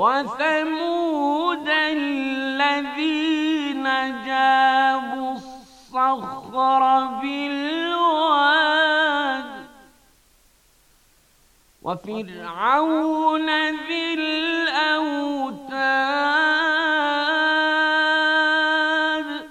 وثمود الذين جابوا الصخر بالواد وفرعون ذي الأوتاد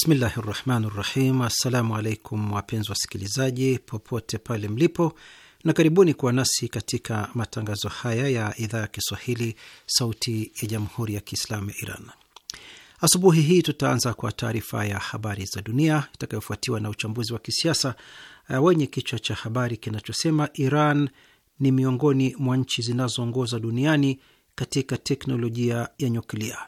Bismillahi rahmani rahim. Assalamu alaikum wapenzi wasikilizaji popote pale mlipo, na karibuni kuwa nasi katika matangazo haya ya idhaa ya Kiswahili sauti ya jamhuri ya Kiislamu ya Iran. Asubuhi hii tutaanza kwa taarifa ya habari za dunia itakayofuatiwa na uchambuzi wa kisiasa eh, wenye kichwa cha habari kinachosema Iran ni miongoni mwa nchi zinazoongoza duniani katika teknolojia ya nyuklia.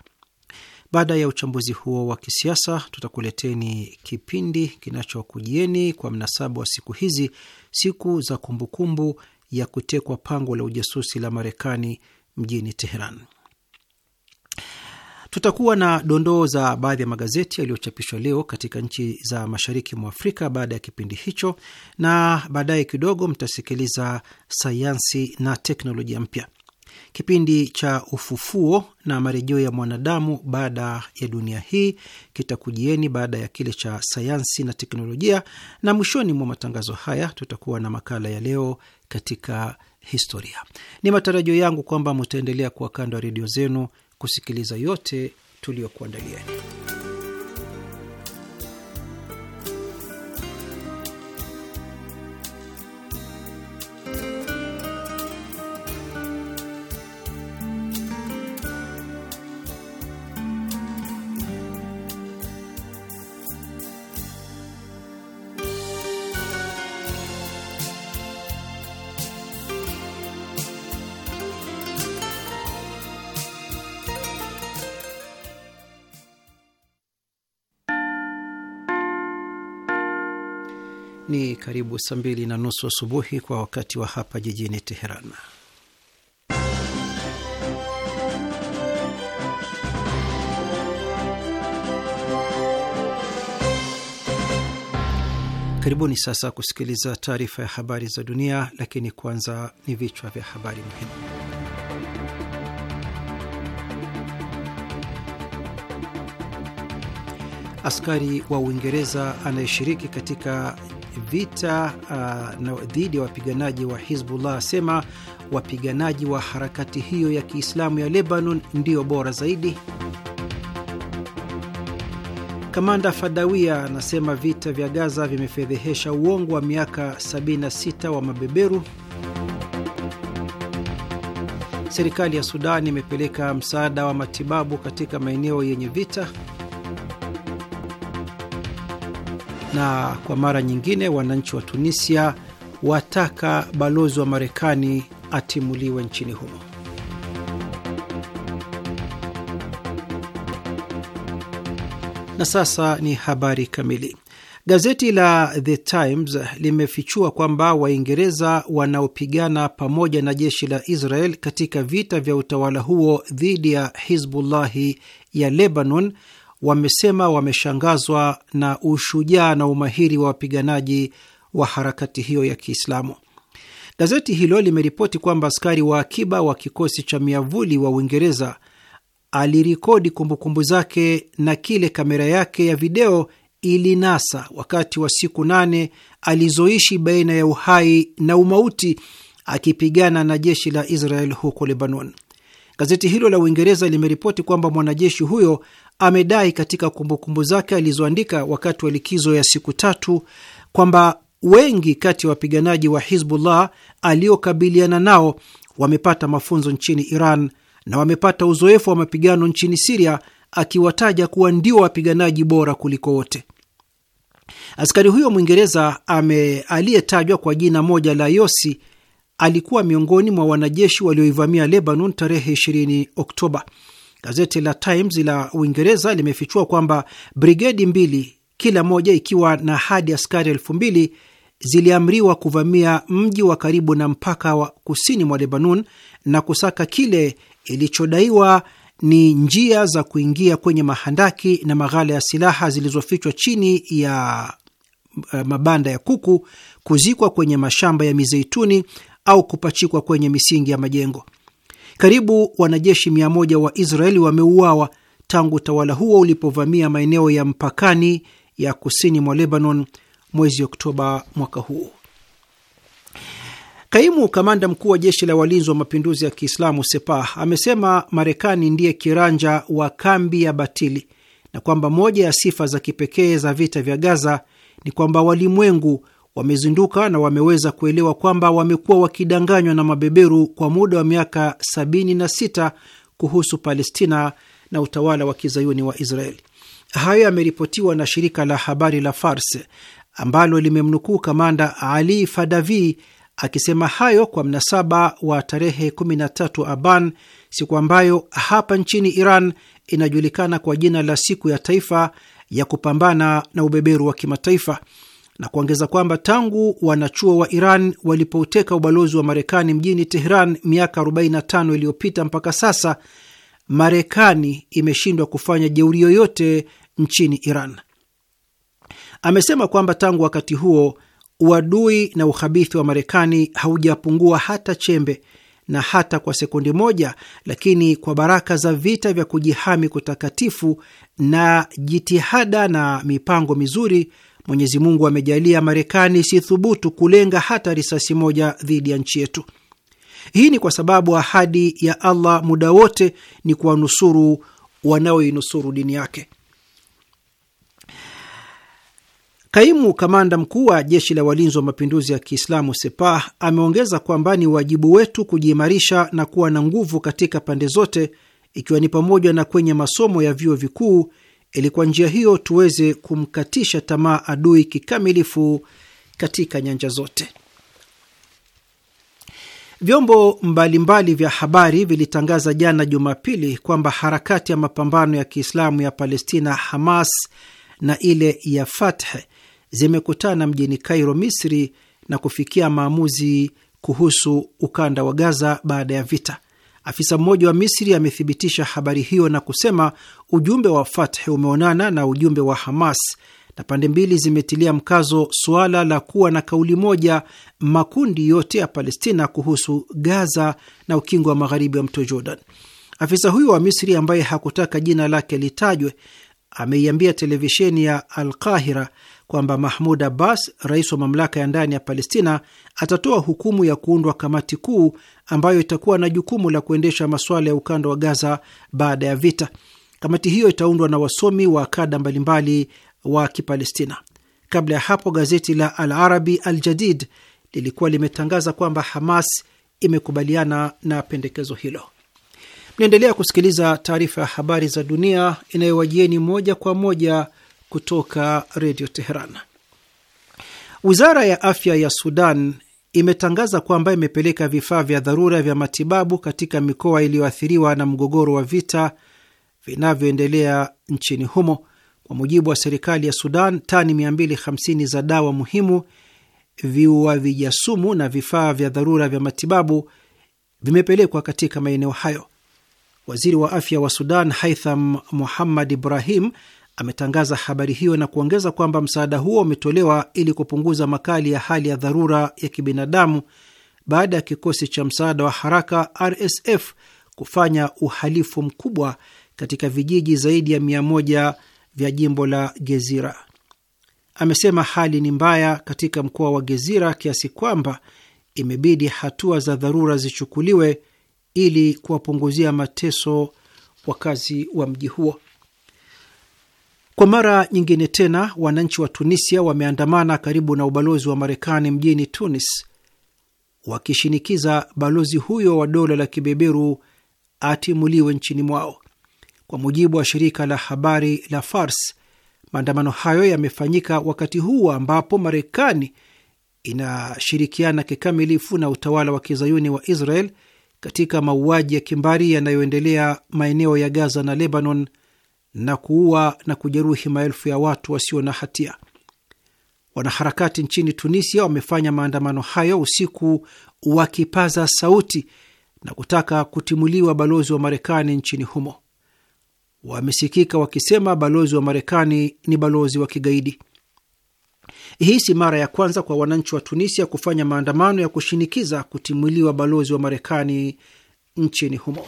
Baada ya uchambuzi huo wa kisiasa, tutakuleteni kipindi kinachokujieni kwa mnasaba wa siku hizi, siku za kumbukumbu ya kutekwa pango la ujasusi la Marekani mjini Teheran. Tutakuwa na dondoo za baadhi ya magazeti yaliyochapishwa leo katika nchi za mashariki mwa Afrika baada ya kipindi hicho, na baadaye kidogo mtasikiliza sayansi na teknolojia mpya. Kipindi cha ufufuo na marejeo ya mwanadamu baada ya dunia hii kitakujieni baada ya kile cha sayansi na teknolojia, na mwishoni mwa matangazo haya tutakuwa na makala ya leo katika historia. Ni matarajio yangu kwamba mutaendelea kuwa kando ya redio zenu kusikiliza yote tuliyokuandalieni. Ni karibu saa mbili na nusu asubuhi kwa wakati wa hapa jijini Teheran. Karibuni sasa kusikiliza taarifa ya habari za dunia, lakini kwanza ni vichwa vya habari muhimu. Askari wa Uingereza anayeshiriki katika vita uh, dhidi ya wapiganaji wa Hizbullah asema wapiganaji wa harakati hiyo ya Kiislamu ya Lebanon ndiyo bora zaidi. Kamanda Fadawia anasema vita vya Gaza vimefedhehesha uongo wa miaka 76 wa mabeberu. Serikali ya Sudani imepeleka msaada wa matibabu katika maeneo yenye vita. Na kwa mara nyingine, wananchi wa Tunisia wataka balozi wa Marekani atimuliwe nchini humo. Na sasa ni habari kamili. Gazeti la The Times limefichua kwamba Waingereza wanaopigana pamoja na jeshi la Israel katika vita vya utawala huo dhidi ya Hizbullahi ya Lebanon wamesema wameshangazwa na ushujaa na umahiri wa wapiganaji wa harakati hiyo ya Kiislamu. Gazeti hilo limeripoti kwamba askari wa akiba wa kikosi cha miavuli wa Uingereza alirikodi kumbukumbu zake na kile kamera yake ya video ilinasa wakati wa siku nane alizoishi baina ya uhai na umauti akipigana na jeshi la Israel huko Lebanon. Gazeti hilo la Uingereza limeripoti kwamba mwanajeshi huyo amedai katika kumbukumbu zake alizoandika wakati wa likizo ya siku tatu kwamba wengi kati ya wapiganaji wa Hizbullah aliokabiliana nao wamepata mafunzo nchini Iran na wamepata uzoefu wa mapigano nchini Siria, akiwataja kuwa ndio wapiganaji bora kuliko wote. Askari huyo Mwingereza aliyetajwa kwa jina moja la Yosi alikuwa miongoni mwa wanajeshi walioivamia Lebanon tarehe 20 Oktoba. Gazeti la Times la Uingereza limefichua kwamba brigedi mbili, kila moja ikiwa na hadi askari elfu mbili ziliamriwa kuvamia mji wa karibu na mpaka wa kusini mwa Lebanon na kusaka kile ilichodaiwa ni njia za kuingia kwenye mahandaki na maghala ya silaha zilizofichwa chini ya eh, mabanda ya kuku, kuzikwa kwenye mashamba ya mizeituni au kupachikwa kwenye misingi ya majengo. Karibu wanajeshi mia moja wa Israeli wameuawa tangu utawala huo ulipovamia maeneo ya mpakani ya kusini mwa Lebanon mwezi Oktoba mwaka huu. Kaimu kamanda mkuu wa jeshi la walinzi wa mapinduzi ya Kiislamu Sepah amesema Marekani ndiye kiranja wa kambi ya batili na kwamba moja ya sifa za kipekee za vita vya Gaza ni kwamba walimwengu wamezinduka na wameweza kuelewa kwamba wamekuwa wakidanganywa na mabeberu kwa muda wa miaka 76 kuhusu Palestina na utawala wa kizayuni wa Israeli. Hayo yameripotiwa na shirika la habari la Fars ambalo limemnukuu kamanda Ali Fadavi akisema hayo kwa mnasaba wa tarehe 13 Aban, siku ambayo hapa nchini Iran inajulikana kwa jina la siku ya taifa ya kupambana na ubeberu wa kimataifa na kuongeza kwamba tangu wanachuo wa Iran walipouteka ubalozi wa Marekani mjini Tehran miaka 45 iliyopita mpaka sasa, Marekani imeshindwa kufanya jeuri yoyote nchini Iran. Amesema kwamba tangu wakati huo uadui na uhabithi wa Marekani haujapungua hata chembe na hata kwa sekundi moja, lakini kwa baraka za vita vya kujihami kutakatifu na jitihada na mipango mizuri Mwenyezi Mungu amejalia Marekani isithubutu kulenga hata risasi moja dhidi ya nchi yetu. Hii ni kwa sababu ahadi ya Allah muda wote ni kuwanusuru wanaoinusuru dini yake. Kaimu kamanda mkuu wa jeshi la walinzi wa mapinduzi ya Kiislamu Sepah ameongeza kwamba ni wajibu wetu kujiimarisha na kuwa na nguvu katika pande zote, ikiwa ni pamoja na kwenye masomo ya vyuo vikuu ili kwa njia hiyo tuweze kumkatisha tamaa adui kikamilifu katika nyanja zote. Vyombo mbalimbali mbali vya habari vilitangaza jana Jumapili kwamba harakati ya mapambano ya Kiislamu ya Palestina, Hamas, na ile ya Fatah zimekutana mjini Kairo, Misri, na kufikia maamuzi kuhusu ukanda wa Gaza baada ya vita. Afisa mmoja wa Misri amethibitisha habari hiyo na kusema ujumbe wa Fath umeonana na ujumbe wa Hamas na pande mbili zimetilia mkazo suala la kuwa na kauli moja makundi yote ya Palestina kuhusu Gaza na ukingo wa magharibi wa mto Jordan. Afisa huyo wa Misri ambaye hakutaka jina lake litajwe ameiambia televisheni ya Al Qahira kwamba Mahmud Abbas, rais wa mamlaka ya ndani ya Palestina, atatoa hukumu ya kuundwa kamati kuu ambayo itakuwa na jukumu la kuendesha masuala ya ukanda wa Gaza baada ya vita. Kamati hiyo itaundwa na wasomi wa kada mbalimbali wa Kipalestina. Kabla ya hapo, gazeti la Al Arabi Al Jadid lilikuwa limetangaza kwamba Hamas imekubaliana na pendekezo hilo. Mnaendelea kusikiliza taarifa ya habari za dunia inayowajieni moja kwa moja kutoka redio Teheran. Wizara ya afya ya Sudan imetangaza kwamba imepeleka vifaa vya dharura vya matibabu katika mikoa iliyoathiriwa na mgogoro wa vita vinavyoendelea nchini humo. Kwa mujibu wa serikali ya Sudan, tani 250 za dawa muhimu, viua vijasumu na vifaa vya dharura vya matibabu vimepelekwa katika maeneo hayo. Waziri wa afya wa Sudan Haitham Muhammad Ibrahim ametangaza habari hiyo na kuongeza kwamba msaada huo umetolewa ili kupunguza makali ya hali ya dharura ya kibinadamu baada ya kikosi cha msaada wa haraka RSF kufanya uhalifu mkubwa katika vijiji zaidi ya mia moja vya jimbo la Gezira. Amesema hali ni mbaya katika mkoa wa Gezira kiasi kwamba imebidi hatua za dharura zichukuliwe ili kuwapunguzia mateso wakazi wa mji huo. Kwa mara nyingine tena, wananchi wa Tunisia wameandamana karibu na ubalozi wa Marekani mjini Tunis wakishinikiza balozi huyo wa dola la kibeberu atimuliwe nchini mwao. Kwa mujibu wa shirika la habari la Fars, maandamano hayo yamefanyika wakati huu ambapo Marekani inashirikiana kikamilifu na utawala wa kizayuni wa Israel katika mauaji ya kimbari yanayoendelea maeneo ya Gaza na Lebanon na kuua na kujeruhi maelfu ya watu wasio na hatia. Wanaharakati nchini Tunisia wamefanya maandamano hayo usiku wakipaza sauti na kutaka kutimuliwa balozi wa Marekani nchini humo. Wamesikika wakisema balozi wa Marekani ni balozi wa kigaidi. Hii si mara ya kwanza kwa wananchi wa Tunisia kufanya maandamano ya kushinikiza kutimuliwa balozi wa Marekani nchini humo.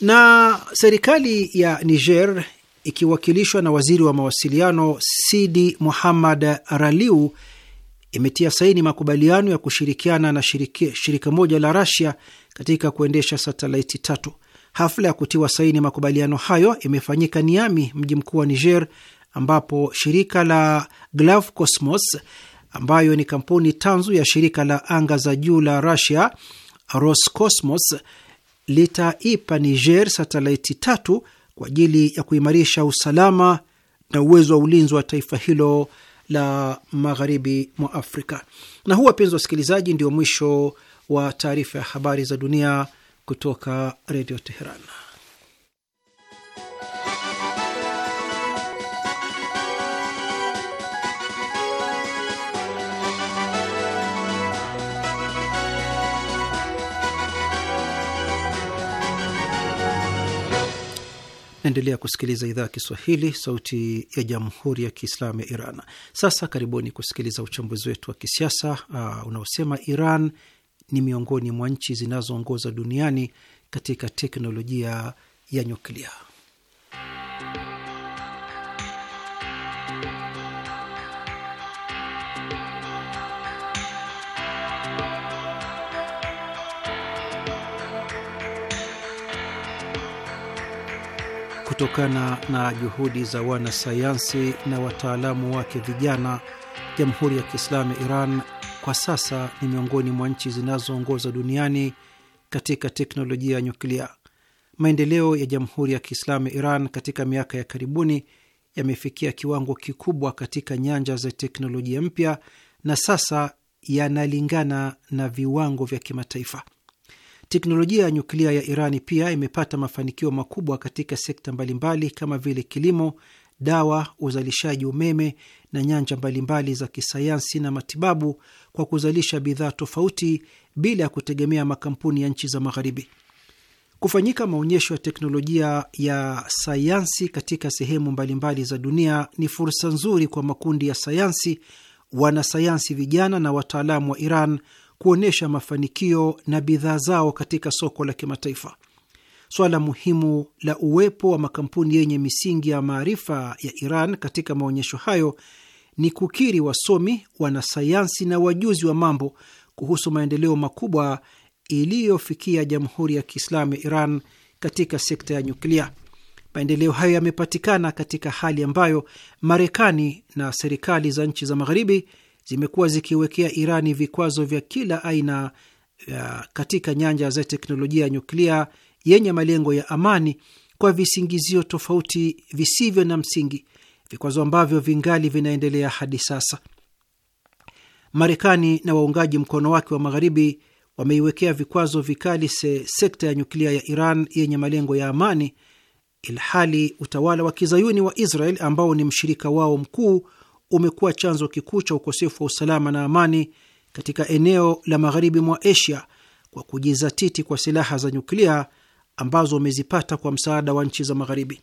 Na serikali ya Niger ikiwakilishwa na waziri wa mawasiliano Sidi Muhammad Raliu imetia saini makubaliano ya kushirikiana na shirika moja la Rasia katika kuendesha satelaiti tatu. Hafla ya kutiwa saini makubaliano hayo imefanyika Niami, mji mkuu wa Niger, ambapo shirika la Glav Cosmos ambayo ni kampuni tanzu ya shirika la anga za juu la Russia Roscosmos litaipa Niger satelaiti tatu kwa ajili ya kuimarisha usalama na uwezo wa ulinzi wa taifa hilo la magharibi mwa Afrika. Na huu, wapenzi wasikilizaji, ndio mwisho wa taarifa ya habari za dunia kutoka Redio Teheran. Naendelea kusikiliza idhaa ya Kiswahili, sauti ya jamhuri ya kiislamu ya Iran. Sasa karibuni kusikiliza uchambuzi wetu wa kisiasa uh, unaosema Iran ni miongoni mwa nchi zinazoongoza duniani katika teknolojia ya nyuklia. Kutokana na juhudi za wanasayansi na wataalamu wake vijana, Jamhuri ya Kiislamu ya Iran kwa sasa ni miongoni mwa nchi zinazoongoza duniani katika teknolojia ya nyuklia. Maendeleo ya Jamhuri ya Kiislamu ya Iran katika miaka ya karibuni yamefikia kiwango kikubwa katika nyanja za teknolojia mpya na sasa yanalingana na viwango vya kimataifa. Teknolojia ya nyuklia ya Irani pia imepata mafanikio makubwa katika sekta mbalimbali kama vile kilimo, dawa, uzalishaji umeme na nyanja mbalimbali za kisayansi na matibabu kwa kuzalisha bidhaa tofauti bila ya kutegemea makampuni ya nchi za Magharibi. Kufanyika maonyesho ya teknolojia ya sayansi katika sehemu mbalimbali za dunia ni fursa nzuri kwa makundi ya sayansi, wanasayansi vijana na wataalamu wa Iran kuonyesha mafanikio na bidhaa zao katika soko la kimataifa. Swala muhimu la uwepo wa makampuni yenye misingi ya maarifa ya Iran katika maonyesho hayo ni kukiri wasomi, wanasayansi na wajuzi wa mambo kuhusu maendeleo makubwa iliyofikia Jamhuri ya Kiislamu ya Iran katika sekta ya nyuklia. Maendeleo hayo yamepatikana katika hali ambayo Marekani na serikali za nchi za Magharibi zimekuwa zikiwekea Irani vikwazo vya kila aina ya uh, katika nyanja za teknolojia ya nyuklia yenye malengo ya amani kwa visingizio tofauti visivyo na msingi, vikwazo ambavyo vingali vinaendelea hadi sasa. Marekani na waungaji mkono wake wa magharibi wameiwekea vikwazo vikali se sekta ya nyuklia ya Iran yenye malengo ya amani, ilhali utawala wa kizayuni wa Israel ambao ni mshirika wao mkuu umekuwa chanzo kikuu cha ukosefu wa usalama na amani katika eneo la magharibi mwa Asia kwa kujizatiti kwa silaha za nyuklia ambazo umezipata kwa msaada wa nchi za magharibi.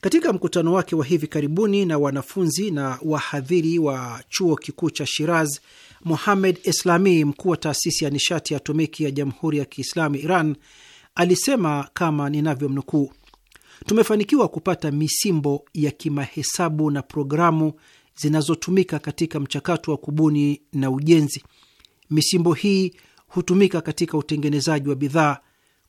Katika mkutano wake wa hivi karibuni na wanafunzi na wahadhiri wa chuo kikuu cha Shiraz, Mohamed Eslami, mkuu wa taasisi ya nishati ya atomiki ya Jamhuri ya Kiislamu Iran, alisema kama ninavyomnukuu: tumefanikiwa kupata misimbo ya kimahesabu na programu zinazotumika katika mchakato wa kubuni na ujenzi. Misimbo hii hutumika katika utengenezaji wa bidhaa.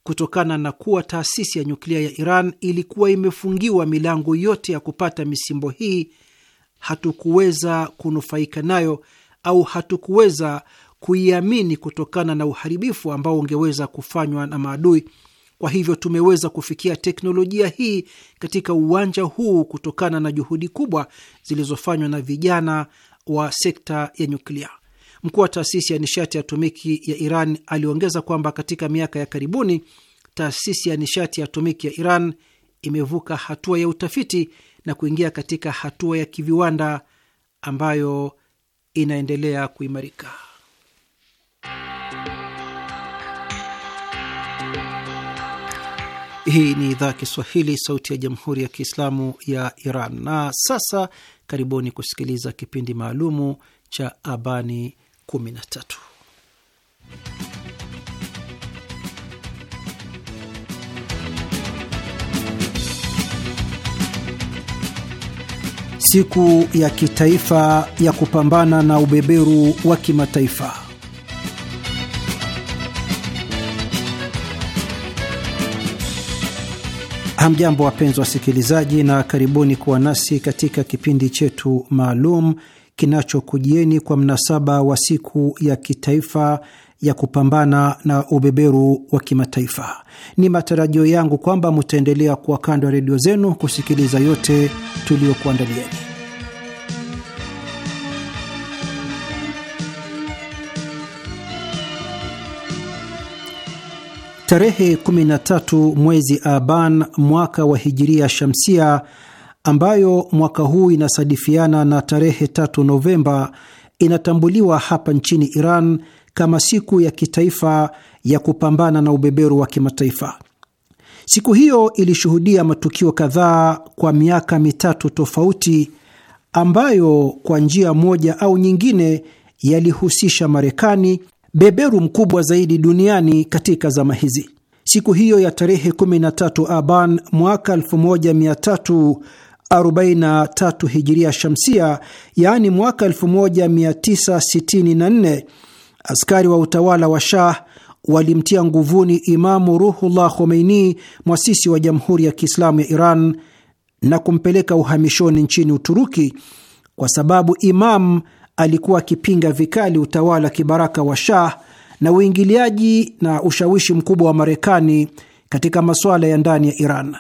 Kutokana na kuwa taasisi ya nyuklia ya Iran ilikuwa imefungiwa milango yote ya kupata misimbo hii, hatukuweza kunufaika nayo au hatukuweza kuiamini kutokana na uharibifu ambao ungeweza kufanywa na maadui. Kwa hivyo tumeweza kufikia teknolojia hii katika uwanja huu kutokana na juhudi kubwa zilizofanywa na vijana wa sekta ya nyuklia. Mkuu wa taasisi ya nishati ya atomiki ya Iran aliongeza kwamba katika miaka ya karibuni taasisi ya nishati ya atomiki ya Iran imevuka hatua ya utafiti na kuingia katika hatua ya kiviwanda ambayo inaendelea kuimarika. Hii ni idhaa Kiswahili, sauti ya jamhuri ya kiislamu ya Iran. Na sasa karibuni kusikiliza kipindi maalumu cha Abani 13. Siku ya kitaifa ya kupambana na ubeberu wa kimataifa. Hamjambo, wapenzi wasikilizaji, na karibuni kuwa nasi katika kipindi chetu maalum kinachokujieni kwa mnasaba wa siku ya kitaifa ya kupambana na ubeberu wa kimataifa. Ni matarajio yangu kwamba mutaendelea kuwa kando ya redio zenu kusikiliza yote tuliyokuandalieni. Tarehe 13 mwezi Aban mwaka wa hijiria shamsia, ambayo mwaka huu inasadifiana na tarehe 3 Novemba, inatambuliwa hapa nchini Iran kama siku ya kitaifa ya kupambana na ubeberu wa kimataifa. Siku hiyo ilishuhudia matukio kadhaa kwa miaka mitatu tofauti ambayo kwa njia moja au nyingine yalihusisha Marekani, beberu mkubwa zaidi duniani katika zama hizi. Siku hiyo ya tarehe 13 Aban mwaka 1343 hijiria shamsia, yaani mwaka 1964, askari wa utawala wa Shah walimtia nguvuni Imamu Ruhullah Khomeini, mwasisi wa Jamhuri ya Kiislamu ya Iran, na kumpeleka uhamishoni nchini Uturuki kwa sababu Imam alikuwa akipinga vikali utawala kibaraka wa Shah na uingiliaji na ushawishi mkubwa wa Marekani katika masuala ya ndani ya Iran.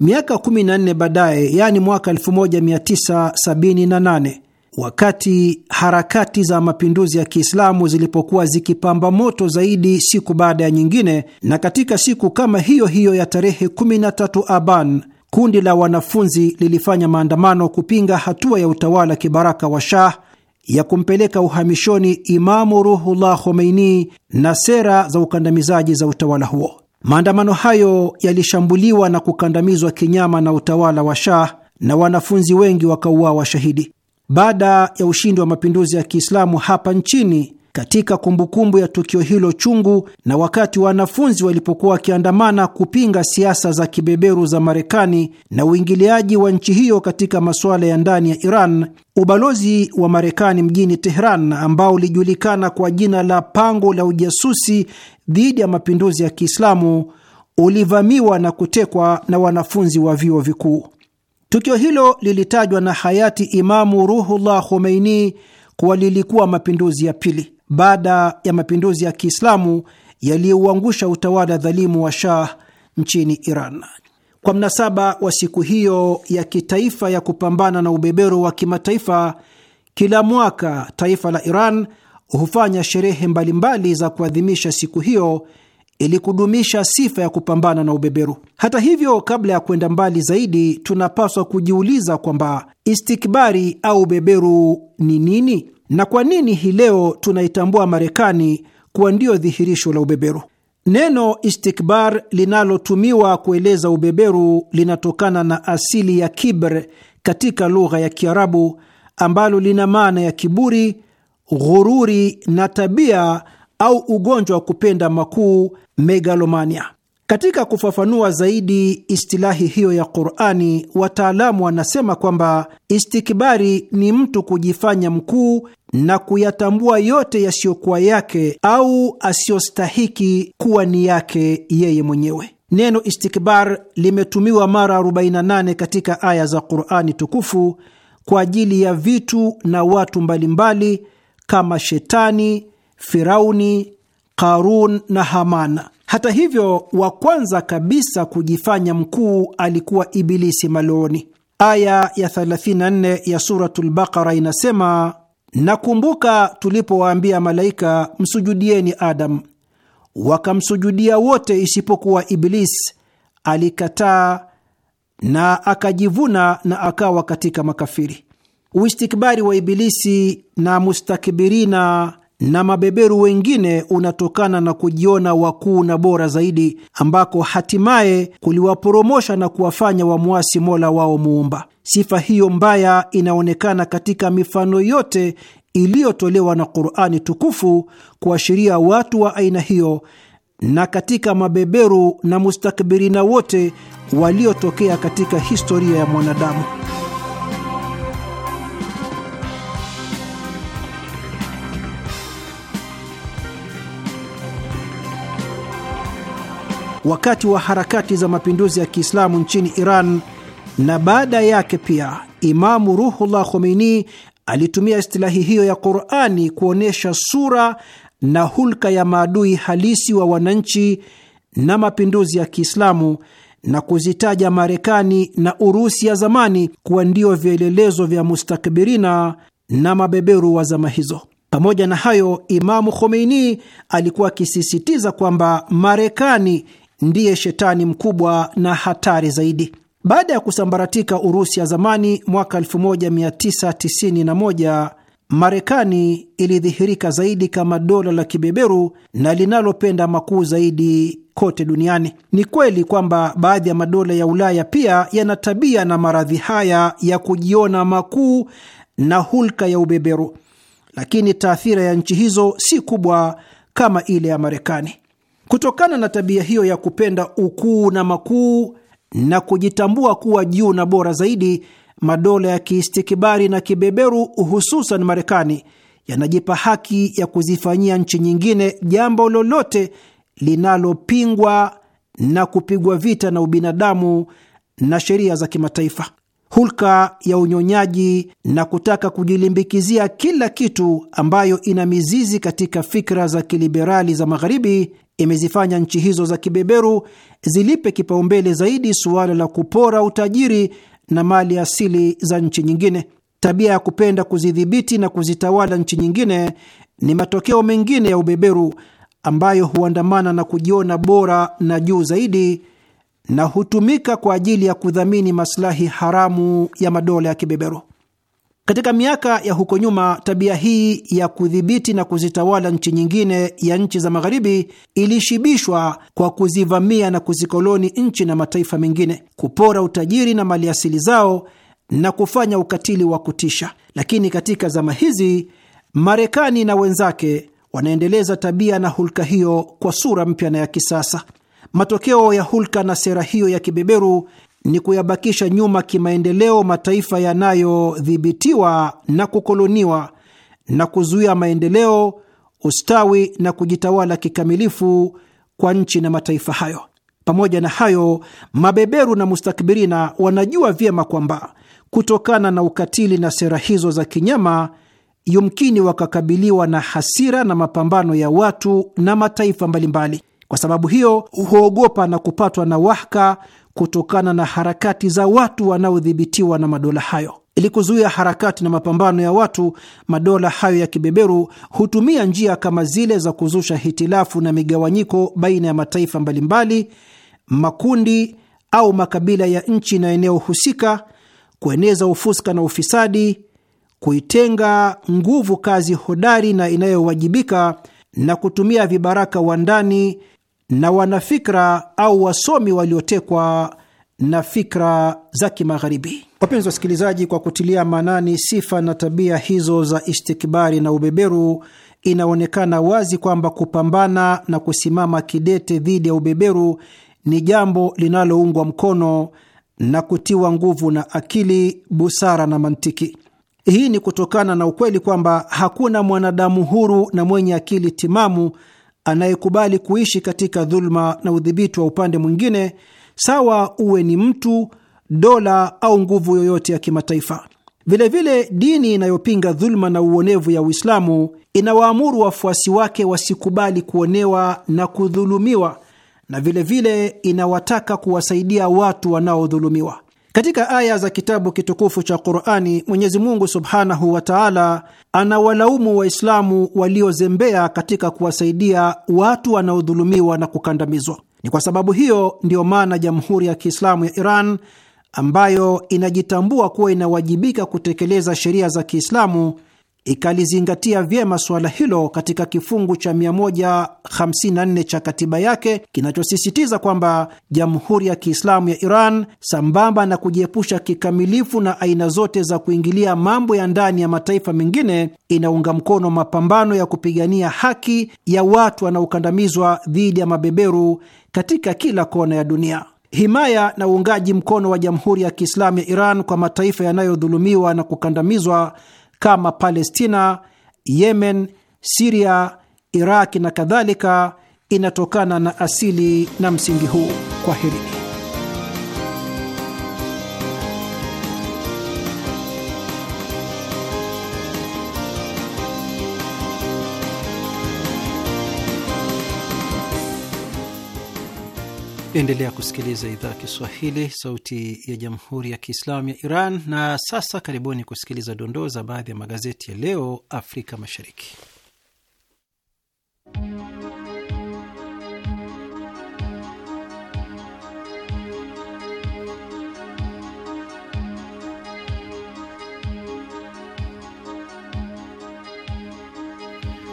Miaka 14 baadaye, yaani mwaka 1978 wakati harakati za mapinduzi ya Kiislamu zilipokuwa zikipamba moto zaidi siku baada ya nyingine, na katika siku kama hiyo hiyo ya tarehe 13 Aban, kundi la wanafunzi lilifanya maandamano kupinga hatua ya utawala kibaraka wa Shah ya kumpeleka uhamishoni Imamu Ruhullah Khomeini na sera za ukandamizaji za utawala huo. Maandamano hayo yalishambuliwa na kukandamizwa kinyama na utawala wa Shah na wanafunzi wengi wakauawa shahidi. Baada ya ushindi wa mapinduzi ya Kiislamu hapa nchini, katika kumbukumbu ya tukio hilo chungu na wakati wanafunzi walipokuwa wakiandamana kupinga siasa za kibeberu za Marekani na uingiliaji wa nchi hiyo katika masuala ya ndani ya Iran, ubalozi wa Marekani mjini Tehran ambao ulijulikana kwa jina la pango la ujasusi dhidi ya mapinduzi ya Kiislamu ulivamiwa na kutekwa na wanafunzi wa vyuo vikuu. Tukio hilo lilitajwa na hayati Imamu Ruhullah Khomeini kuwa lilikuwa mapinduzi ya pili baada ya mapinduzi ya Kiislamu yaliyouangusha utawala dhalimu wa Shah nchini Iran. Kwa mnasaba wa siku hiyo ya kitaifa ya kupambana na ubeberu wa kimataifa, kila mwaka taifa la Iran hufanya sherehe mbalimbali za kuadhimisha siku hiyo ili kudumisha sifa ya kupambana na ubeberu. Hata hivyo, kabla ya kwenda mbali zaidi, tunapaswa kujiuliza kwamba istikbari au ubeberu ni nini? na kwa nini hii leo tunaitambua Marekani kuwa ndio dhihirisho la ubeberu. Neno istikbar linalotumiwa kueleza ubeberu linatokana na asili ya kibr katika lugha ya Kiarabu, ambalo lina maana ya kiburi, ghururi na tabia au ugonjwa wa kupenda makuu, megalomania. Katika kufafanua zaidi istilahi hiyo ya Qur'ani, wataalamu wanasema kwamba istikbari ni mtu kujifanya mkuu na kuyatambua yote yasiyokuwa yake au asiyostahiki kuwa ni yake yeye mwenyewe. Neno istikbar limetumiwa mara 48 katika aya za Qurani tukufu kwa ajili ya vitu na watu mbalimbali kama Shetani, Firauni, Karun na Hamana. Hata hivyo, wa kwanza kabisa kujifanya mkuu alikuwa Ibilisi maluuni. Aya ya 34 ya Suratul Baqara inasema Nakumbuka tulipowaambia malaika msujudieni Adamu, wakamsujudia wote isipokuwa Iblis, alikataa na akajivuna na akawa katika makafiri. Uistikbari wa Ibilisi na mustakbirina na mabeberu wengine unatokana na kujiona wakuu na bora zaidi, ambako hatimaye kuliwaporomosha na kuwafanya wamwasi Mola wao Muumba. Sifa hiyo mbaya inaonekana katika mifano yote iliyotolewa na Qur'ani tukufu kuashiria watu wa aina hiyo na katika mabeberu na mustakbirina wote waliotokea katika historia ya mwanadamu. wakati wa harakati za mapinduzi ya Kiislamu nchini Iran na baada yake pia Imamu Ruhullah Khomeini alitumia istilahi hiyo ya Qurani kuonyesha sura na hulka ya maadui halisi wa wananchi na mapinduzi ya Kiislamu na kuzitaja Marekani na Urusi ya zamani kuwa ndio vielelezo vya mustakbirina na mabeberu wa zama hizo. Pamoja na hayo, Imamu Khomeini alikuwa akisisitiza kwamba Marekani ndiye shetani mkubwa na hatari zaidi. Baada ya kusambaratika Urusi ya zamani mwaka 1991, Marekani ilidhihirika zaidi kama dola la kibeberu na linalopenda makuu zaidi kote duniani. Ni kweli kwamba baadhi ya madola ya Ulaya pia yana tabia na maradhi haya ya kujiona makuu na hulka ya ubeberu, lakini taathira ya nchi hizo si kubwa kama ile ya Marekani. Kutokana na tabia hiyo ya kupenda ukuu na makuu na kujitambua kuwa juu na bora zaidi, madola ya kiistikibari na kibeberu, hususan Marekani, yanajipa haki ya kuzifanyia nchi nyingine jambo lolote linalopingwa na kupigwa vita na ubinadamu na sheria za kimataifa. Hulka ya unyonyaji na kutaka kujilimbikizia kila kitu ambayo ina mizizi katika fikra za kiliberali za Magharibi imezifanya nchi hizo za kibeberu zilipe kipaumbele zaidi suala la kupora utajiri na mali asili za nchi nyingine. Tabia ya kupenda kuzidhibiti na kuzitawala nchi nyingine ni matokeo mengine ya ubeberu ambayo huandamana na kujiona bora na juu zaidi na hutumika kwa ajili ya kudhamini maslahi haramu ya madola ya kibeberu. Katika miaka ya huko nyuma, tabia hii ya kudhibiti na kuzitawala nchi nyingine ya nchi za Magharibi ilishibishwa kwa kuzivamia na kuzikoloni nchi na mataifa mengine, kupora utajiri na maliasili zao na kufanya ukatili wa kutisha. Lakini katika zama hizi, Marekani na wenzake wanaendeleza tabia na hulka hiyo kwa sura mpya na ya kisasa. Matokeo ya hulka na sera hiyo ya kibeberu ni kuyabakisha nyuma kimaendeleo mataifa yanayodhibitiwa na kukoloniwa na kuzuia maendeleo, ustawi na kujitawala kikamilifu kwa nchi na mataifa hayo. Pamoja na hayo, mabeberu na mustakbirina wanajua vyema kwamba kutokana na ukatili na sera hizo za kinyama, yumkini wakakabiliwa na hasira na mapambano ya watu na mataifa mbalimbali. Kwa sababu hiyo, huogopa na kupatwa na wahaka kutokana na harakati za watu wanaodhibitiwa na madola hayo. Ili kuzuia harakati na mapambano ya watu, madola hayo ya kibeberu hutumia njia kama zile za kuzusha hitilafu na migawanyiko baina ya mataifa mbalimbali, makundi au makabila ya nchi na eneo husika, kueneza ufuska na ufisadi, kuitenga nguvu kazi hodari na inayowajibika na kutumia vibaraka wa ndani na wanafikra au wasomi waliotekwa na fikra za Kimagharibi. Wapenzi wasikilizaji, kwa kutilia maanani sifa na tabia hizo za istikibari na ubeberu, inaonekana wazi kwamba kupambana na kusimama kidete dhidi ya ubeberu ni jambo linaloungwa mkono na kutiwa nguvu na akili, busara na mantiki. Hii ni kutokana na ukweli kwamba hakuna mwanadamu huru na mwenye akili timamu anayekubali kuishi katika dhuluma na udhibiti wa upande mwingine, sawa uwe ni mtu, dola au nguvu yoyote ya kimataifa. Vilevile vile, dini inayopinga dhuluma na uonevu ya Uislamu inawaamuru wafuasi wake wasikubali kuonewa na kudhulumiwa, na vilevile vile inawataka kuwasaidia watu wanaodhulumiwa. Katika aya za kitabu kitukufu cha Qurani, Mwenyezi Mungu subhanahu wa taala anawalaumu Waislamu waliozembea katika kuwasaidia watu wanaodhulumiwa na kukandamizwa. Ni kwa sababu hiyo ndiyo maana Jamhuri ya Kiislamu ya Iran ambayo inajitambua kuwa inawajibika kutekeleza sheria za Kiislamu ikalizingatia vyema suala hilo katika kifungu cha 154 cha katiba yake kinachosisitiza kwamba Jamhuri ya Kiislamu ya Iran, sambamba na kujiepusha kikamilifu na aina zote za kuingilia mambo ya ndani ya mataifa mengine, inaunga mkono mapambano ya kupigania haki ya watu wanaokandamizwa dhidi ya mabeberu katika kila kona ya dunia. Himaya na uungaji mkono wa Jamhuri ya Kiislamu ya Iran kwa mataifa yanayodhulumiwa na kukandamizwa kama Palestina, Yemen, Siria, Iraki na kadhalika inatokana na asili na msingi huu. Kwaherini. Endelea kusikiliza idhaa Kiswahili, sauti ya jamhuri ya kiislamu ya Iran. Na sasa karibuni kusikiliza dondoo za baadhi ya magazeti ya leo Afrika Mashariki.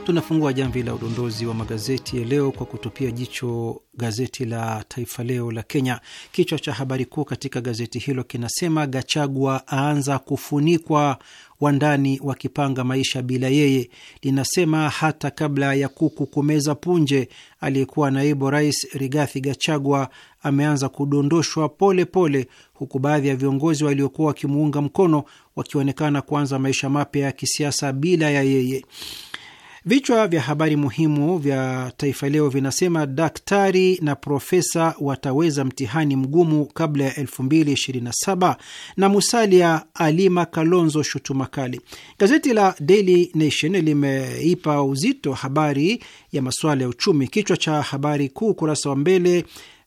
Tunafungua jamvi la udondozi wa magazeti ya leo kwa kutupia jicho gazeti la Taifa Leo la Kenya. Kichwa cha habari kuu katika gazeti hilo kinasema Gachagua aanza kufunikwa, wandani wakipanga maisha bila yeye. Linasema hata kabla ya kuku kumeza punje, aliyekuwa naibu rais Rigathi Gachagua ameanza kudondoshwa pole pole, huku baadhi ya viongozi waliokuwa wakimuunga mkono wakionekana kuanza maisha mapya ya kisiasa bila ya yeye. Vichwa vya habari muhimu vya Taifa Leo vinasema daktari na profesa wataweza mtihani mgumu kabla ya 2027 na Musalia alima Kalonzo shutuma kali. Gazeti la Daily Nation limeipa uzito habari ya masuala ya uchumi. Kichwa cha habari kuu ukurasa wa mbele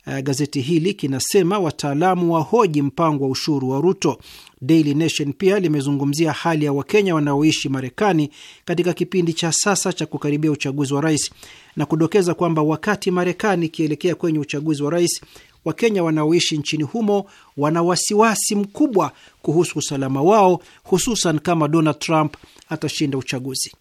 Uh, gazeti hili kinasema wataalamu wahoji mpango wa ushuru wa Ruto. Daily Nation pia limezungumzia hali ya Wakenya wanaoishi Marekani katika kipindi cha sasa cha kukaribia uchaguzi wa rais na kudokeza kwamba wakati Marekani ikielekea kwenye uchaguzi wa rais, Wakenya wanaoishi nchini humo wana wasiwasi mkubwa kuhusu usalama wao, hususan kama Donald Trump atashinda uchaguzi.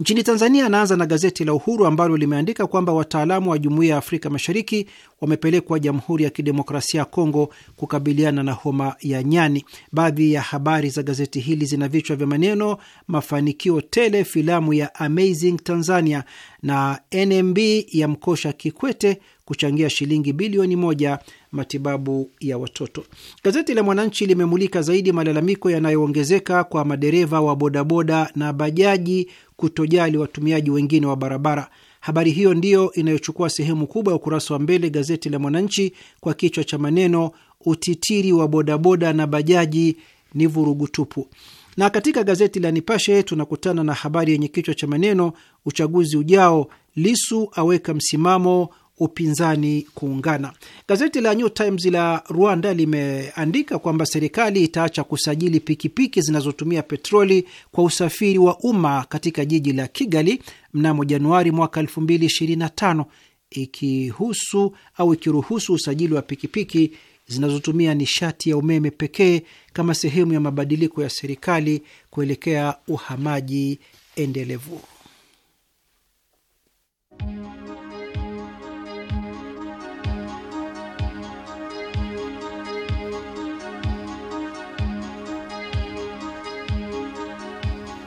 Nchini Tanzania anaanza na gazeti la Uhuru ambalo limeandika kwamba wataalamu wa Jumuiya ya Afrika Mashariki wamepelekwa Jamhuri ya Kidemokrasia ya Kongo kukabiliana na homa ya nyani. Baadhi ya habari za gazeti hili zina vichwa vya maneno: mafanikio tele filamu ya Amazing Tanzania na NMB ya mkosha Kikwete kuchangia shilingi bilioni moja matibabu ya watoto. Gazeti la Mwananchi limemulika zaidi malalamiko yanayoongezeka kwa madereva wa bodaboda na bajaji kutojali watumiaji wengine wa barabara. Habari hiyo ndiyo inayochukua sehemu kubwa ya ukurasa wa mbele gazeti la Mwananchi kwa kichwa cha maneno utitiri wa bodaboda na bajaji ni vurugu tupu. Na katika gazeti la Nipashe tunakutana na habari yenye kichwa cha maneno uchaguzi ujao, Lisu aweka msimamo upinzani kuungana. Gazeti la New Times la Rwanda limeandika kwamba serikali itaacha kusajili pikipiki zinazotumia petroli kwa usafiri wa umma katika jiji la Kigali mnamo Januari mwaka 2025 ikihusu au ikiruhusu usajili wa pikipiki zinazotumia nishati ya umeme pekee kama sehemu ya mabadiliko ya serikali kuelekea uhamaji endelevu.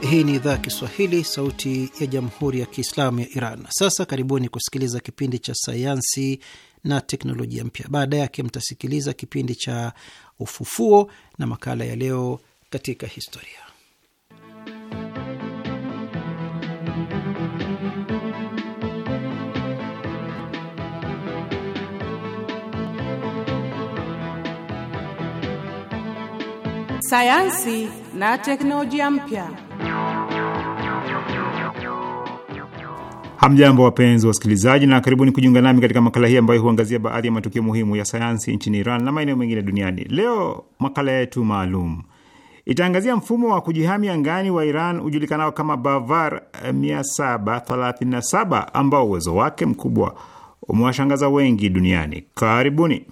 Hii ni idhaa Kiswahili, sauti ya jamhuri ya kiislamu ya Iran. Sasa karibuni kusikiliza kipindi cha sayansi na teknolojia mpya. Baada yake mtasikiliza kipindi cha ufufuo na makala ya leo katika historia. Sayansi na teknolojia mpya. Hamjambo, wapenzi wasikilizaji, na karibuni kujiunga nami katika makala hii ambayo huangazia baadhi ya matukio muhimu ya sayansi nchini Iran na maeneo mengine duniani. Leo makala yetu maalum itaangazia mfumo wa kujihami angani wa Iran ujulikanao kama Bavar 737 ambao uwezo wake mkubwa umewashangaza wengi duniani. Karibuni.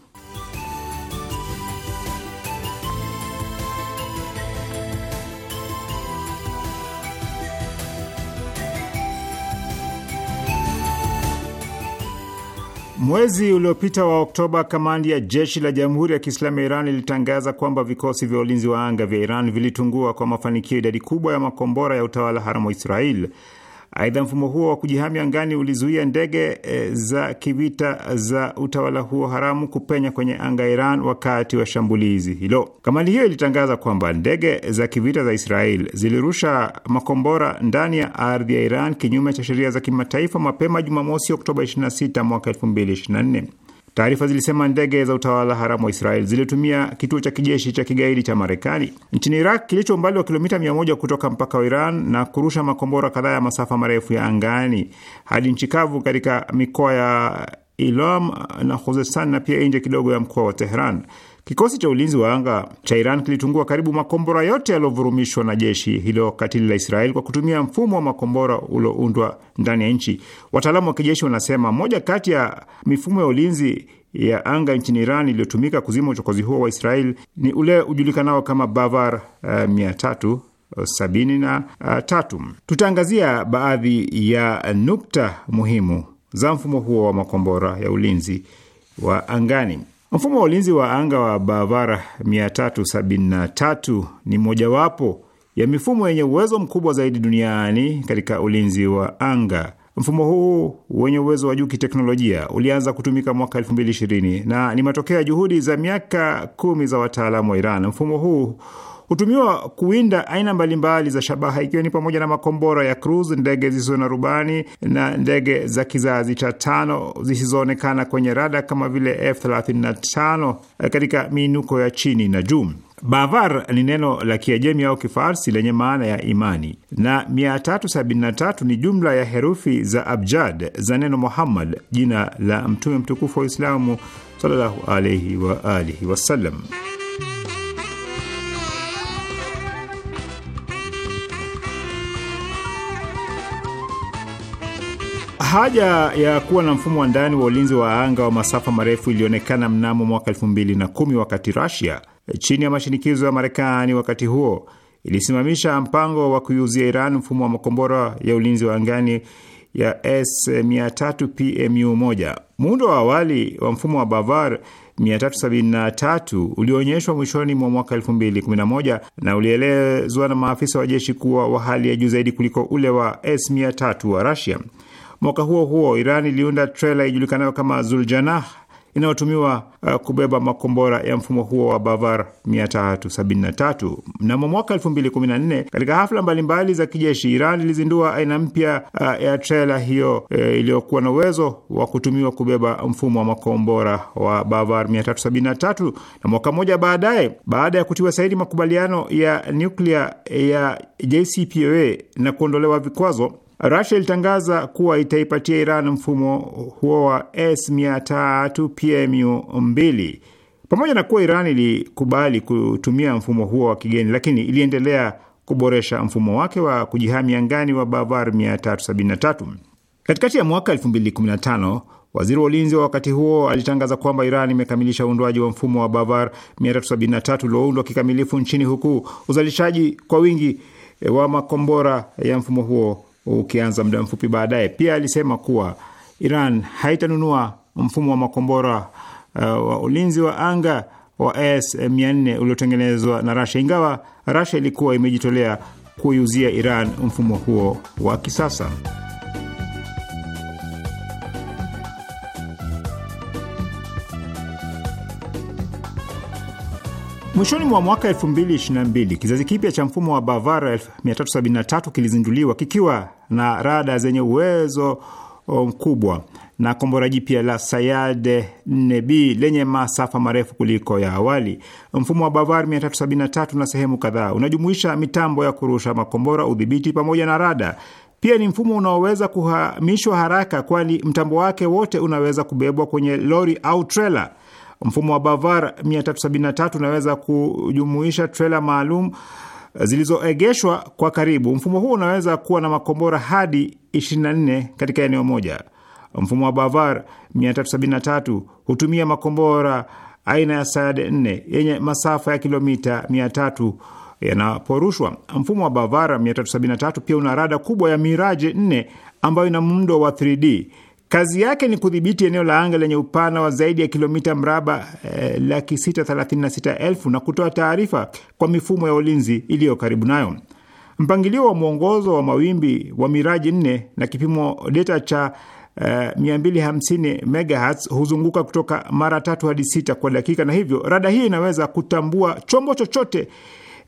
Mwezi uliopita wa Oktoba, kamandi ya jeshi la jamhuri ya Kiislamu ya Iran ilitangaza kwamba vikosi vya ulinzi wa anga vya Iran vilitungua kwa mafanikio idadi kubwa ya makombora ya utawala haramu wa Israel. Aidha, mfumo huo wa kujihami angani ulizuia ndege e, za kivita za utawala huo haramu kupenya kwenye anga ya Iran wakati wa shambulizi hilo. kamali hiyo ilitangaza kwamba ndege za kivita za Israel zilirusha makombora ndani ya ardhi ya Iran kinyume cha sheria za kimataifa mapema Jumamosi, Oktoba 26 mwaka 2024. Taarifa zilisema ndege za utawala haramu wa Israel zilitumia kituo cha kijeshi cha kigaidi cha Marekani nchini Iraq kilicho umbali wa kilomita 1 kutoka mpaka wa Iran na kurusha makombora kadhaa ya masafa marefu ya angani hadi nchi kavu katika mikoa ya Ilam na Khuzestan na pia nje kidogo ya mkoa wa Tehran. Kikosi cha ulinzi wa anga cha Iran kilitungua karibu makombora yote yaliyovurumishwa na jeshi hilo katili la Israeli kwa kutumia mfumo wa makombora ulioundwa ndani ya nchi. Wataalamu wa kijeshi wanasema moja kati ya mifumo ya ulinzi ya anga nchini Iran iliyotumika kuzima uchokozi huo wa Israel ni ule ujulikanao kama Bavar uh, mia tatu eh, sabini na uh, tatu. Tutaangazia baadhi ya nukta muhimu za mfumo huo wa makombora ya ulinzi wa angani. Mfumo wa ulinzi wa anga wa Bavara 373 ni mojawapo ya mifumo yenye uwezo mkubwa zaidi duniani katika ulinzi wa anga. Mfumo huu wenye uwezo wa juu kiteknolojia ulianza kutumika mwaka 2020 na ni matokeo ya juhudi za miaka kumi za wataalamu wa Iran. Mfumo huu hutumiwa kuwinda aina mbalimbali za shabaha ikiwa ni pamoja na makombora ya cruise, ndege zisizo na rubani na ndege za kizazi cha tano zisizoonekana kwenye rada kama vile F35 eh, katika miinuko ya chini na juu. Bavar ni neno la Kiajemi au Kifarsi lenye maana ya imani, na 373 ni jumla ya herufi za abjad za neno Muhammad, jina la Mtume mtukufu wa Uislamu sallallahu alaihi wa alihi wasallam. Haja ya kuwa na mfumo wa ndani wa ulinzi wa anga wa masafa marefu ilionekana mnamo mwaka elfu mbili na kumi wakati Russia eh, chini ya mashinikizo ya Marekani wakati huo ilisimamisha mpango wa kuiuzia Iran mfumo wa makombora ya ulinzi wa angani ya S300 PMU1. Muundo wa awali wa mfumo wa Bavar 373 ulioonyeshwa mwishoni mwa mwaka 2011 na ulielezwa na maafisa wa jeshi kuwa wa hali ya juu zaidi kuliko ule wa S300 wa Russia. Mwaka huo huo, Iran iliunda trela ijulikanayo kama Zuljanah inayotumiwa uh, kubeba makombora ya mfumo huo wa Bavar 373. Mnamo mwaka 2014 katika hafla mbalimbali mbali za kijeshi, Iran ilizindua aina mpya uh, ya trela hiyo uh, iliyokuwa na uwezo wa kutumiwa kubeba mfumo wa makombora wa Bavar 373. Na mwaka mmoja baadaye, baada ya kutiwa saini makubaliano ya nuklia ya JCPOA na kuondolewa vikwazo, Rasia ilitangaza kuwa itaipatia Iran mfumo huo wa S300 PMU2. Pamoja na kuwa Iran ilikubali kutumia mfumo huo wa kigeni, lakini iliendelea kuboresha mfumo wake wa kujihami angani wa Bavar 373. Katikati ya mwaka 2015 waziri wa ulinzi wa wakati huo alitangaza kwamba Iran imekamilisha uundwaji wa mfumo wa Bavar 373 ulioundwa kikamilifu nchini, huku uzalishaji kwa wingi wa makombora ya mfumo huo ukianza muda mfupi baadaye. Pia alisema kuwa Iran haitanunua mfumo wa makombora uh, wa ulinzi wa anga wa s 400 uliotengenezwa na rasia ingawa rasha ilikuwa imejitolea kuiuzia Iran mfumo huo wa kisasa. Mwishoni mwa mwaka 2022 kizazi kipya cha mfumo wa Bavara 1373 kilizinduliwa kikiwa na rada zenye uwezo mkubwa na kombora jipya la Sayad 4B lenye masafa marefu kuliko ya awali. Mfumo wa Bavar 373 na sehemu kadhaa unajumuisha mitambo ya kurusha makombora, udhibiti pamoja na rada. Pia ni mfumo unaoweza kuhamishwa haraka, kwani mtambo wake wote unaweza kubebwa kwenye lori au trela. Mfumo wa Bavar 373 unaweza kujumuisha trela maalum zilizoegeshwa kwa karibu. Mfumo huu unaweza kuwa na makombora hadi 24 katika eneo moja. Mfumo wa Bavar 373 hutumia makombora aina ya Sayad 4 yenye masafa ya kilomita 300 yanaporushwa. Mfumo wa Bavar 373 pia una rada kubwa ya miraje 4 ambayo ina muundo wa 3D. Kazi yake ni kudhibiti eneo la anga lenye upana wa zaidi ya kilomita mraba e, laki sita thelathini na sita elfu na kutoa taarifa kwa mifumo ya ulinzi iliyo karibu nayo. Mpangilio wa mwongozo wa mawimbi wa miraji nne na kipimo deta cha Uh, eh, 250 megahertz huzunguka kutoka mara tatu hadi sita kwa dakika, na hivyo rada hii inaweza kutambua chombo chochote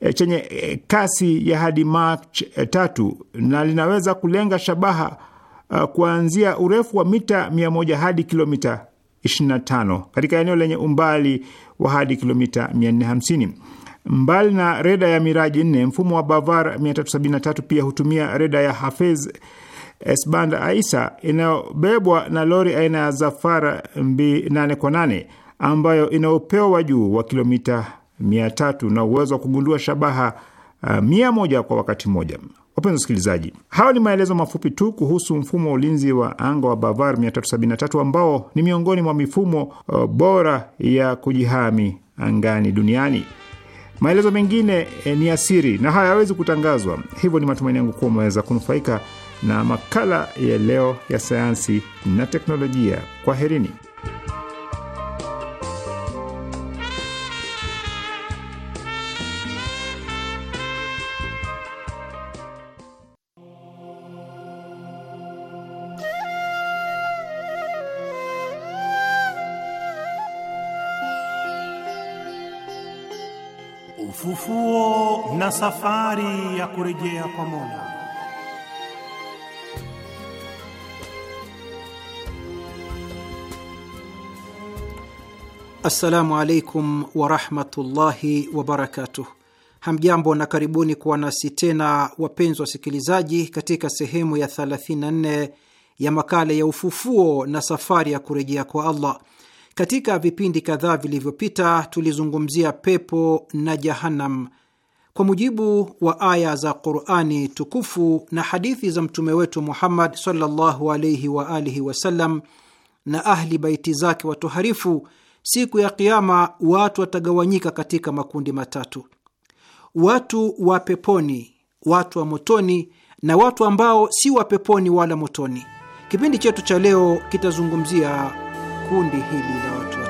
eh, chenye kasi ya hadi Mach e, tatu na linaweza kulenga shabaha uh, kuanzia urefu wa mita 100 hadi kilomita 25 katika eneo lenye umbali wa hadi kilomita 450. Mbali na reda ya Miraji 4, mfumo wa Bavar 373 pia hutumia reda ya Hafez s Aisa inayobebwa na lori aina ya Zafar 8 kwa 8 ambayo ina upeo wa juu wa kilomita 300 na uwezo wa kugundua shabaha uh, mia moja kwa wakati mmoja. Wapenzi wasikilizaji, hayo ni maelezo mafupi tu kuhusu mfumo wa ulinzi wa anga wa Bavar 373 ambao ni miongoni mwa mifumo uh, bora ya kujihami angani duniani. Maelezo mengine eh, ni asiri na hayawezi kutangazwa. Hivyo ni matumaini yangu kuwa umeweza kunufaika na makala ya leo ya sayansi na teknolojia. Kwaherini. safari ya kurejea kwa Mola. Assalamu alaikum warahmatullahi wabarakatuh. Hamjambo na karibuni kuwa nasi tena, wapenzi wasikilizaji, katika sehemu ya 34 ya makala ya ufufuo na safari ya kurejea kwa Allah. Katika vipindi kadhaa vilivyopita tulizungumzia pepo na Jahannam kwa mujibu wa aya za Qurani tukufu na hadithi za mtume wetu Muhammad sallallahu alaihi wa alihi wasallam na ahli baiti zake watoharifu. Siku ya Kiama watu watagawanyika katika makundi matatu: watu wa peponi, watu wa motoni na watu ambao si wa peponi wala motoni. Kipindi chetu cha leo kitazungumzia kundi hili la watu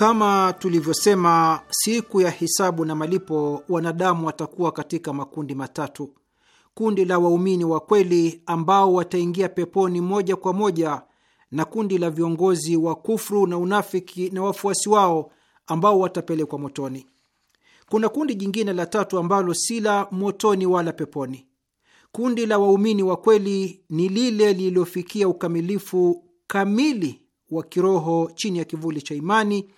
Kama tulivyosema, siku ya hisabu na malipo, wanadamu watakuwa katika makundi matatu: kundi la waumini wa kweli ambao wataingia peponi moja kwa moja, na kundi la viongozi wa kufru na unafiki na wafuasi wao ambao watapelekwa motoni. Kuna kundi jingine la tatu ambalo si la motoni wala peponi. Kundi la waumini wa kweli ni lile lililofikia ukamilifu kamili wa kiroho chini ya kivuli cha imani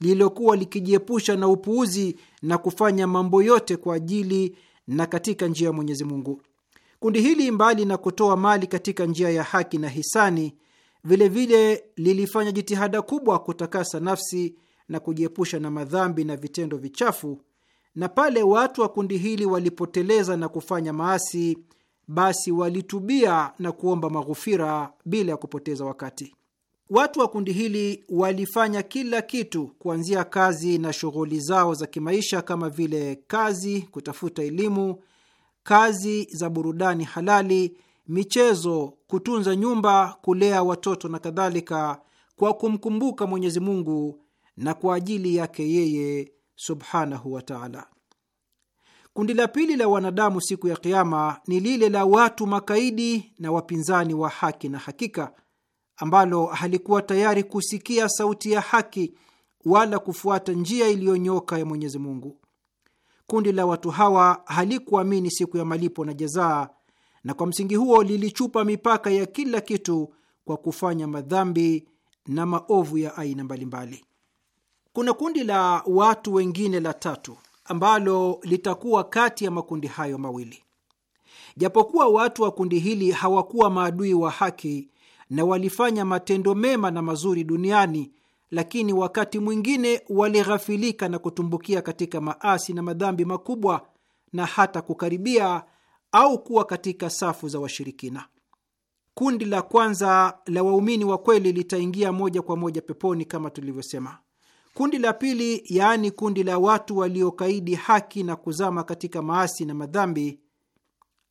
lililokuwa likijiepusha na upuuzi na kufanya mambo yote kwa ajili na katika njia ya Mwenyezi Mungu. Kundi hili mbali na kutoa mali katika njia ya haki na hisani, vilevile vile lilifanya jitihada kubwa kutakasa nafsi na kujiepusha na madhambi na vitendo vichafu, na pale watu wa kundi hili walipoteleza na kufanya maasi, basi walitubia na kuomba maghufira bila ya kupoteza wakati. Watu wa kundi hili walifanya kila kitu kuanzia kazi na shughuli zao za kimaisha kama vile kazi, kutafuta elimu, kazi za burudani halali, michezo, kutunza nyumba, kulea watoto na kadhalika, kwa kumkumbuka Mwenyezi Mungu na kwa ajili yake yeye subhanahu wa taala. Kundi la pili la wanadamu siku ya Kiama ni lile la watu makaidi na wapinzani wa haki na hakika ambalo halikuwa tayari kusikia sauti ya haki wala kufuata njia iliyonyoka ya Mwenyezi Mungu. Kundi la watu hawa halikuamini siku ya malipo na jazaa, na kwa msingi huo lilichupa mipaka ya kila kitu kwa kufanya madhambi na maovu ya aina mbalimbali. Kuna kundi la watu wengine la tatu ambalo litakuwa kati ya makundi hayo mawili. Japokuwa watu wa kundi hili hawakuwa maadui wa haki, na walifanya matendo mema na mazuri duniani, lakini wakati mwingine walighafilika na kutumbukia katika maasi na madhambi makubwa na hata kukaribia au kuwa katika safu za washirikina. Kundi la kwanza la waumini wa kweli litaingia moja kwa moja peponi kama tulivyosema. Kundi la pili, yaani kundi la watu waliokaidi haki na kuzama katika maasi na madhambi,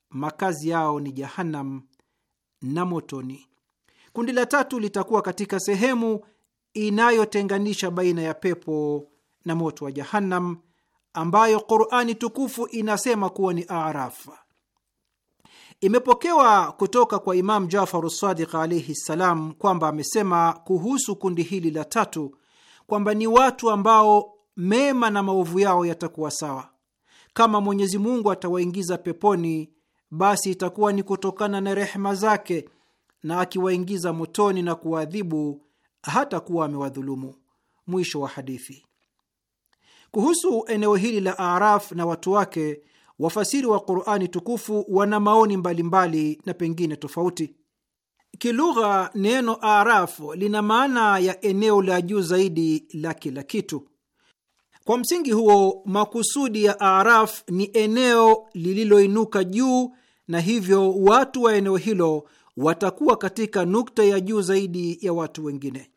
makazi yao ni Jahannam na motoni. Kundi la tatu litakuwa katika sehemu inayotenganisha baina ya pepo na moto wa Jahannam, ambayo Qurani tukufu inasema kuwa ni Araf. Imepokewa kutoka kwa Imam Jafaru Sadiq alaihi ssalam kwamba amesema kuhusu kundi hili la tatu kwamba ni watu ambao mema na maovu yao yatakuwa sawa. Kama Mwenyezi Mungu atawaingiza peponi, basi itakuwa ni kutokana na rehema zake na akiwaingiza motoni na kuwaadhibu hata kuwa amewadhulumu. Mwisho wa hadithi. Kuhusu eneo hili la Araf na watu wake, wafasiri wa Qurani tukufu wana maoni mbalimbali na pengine tofauti. Kilugha, neno Araf lina maana ya eneo la juu zaidi la kila kitu. Kwa msingi huo, makusudi ya Araf ni eneo lililoinuka juu, na hivyo watu wa eneo hilo watakuwa katika nukta ya juu zaidi ya watu wengine.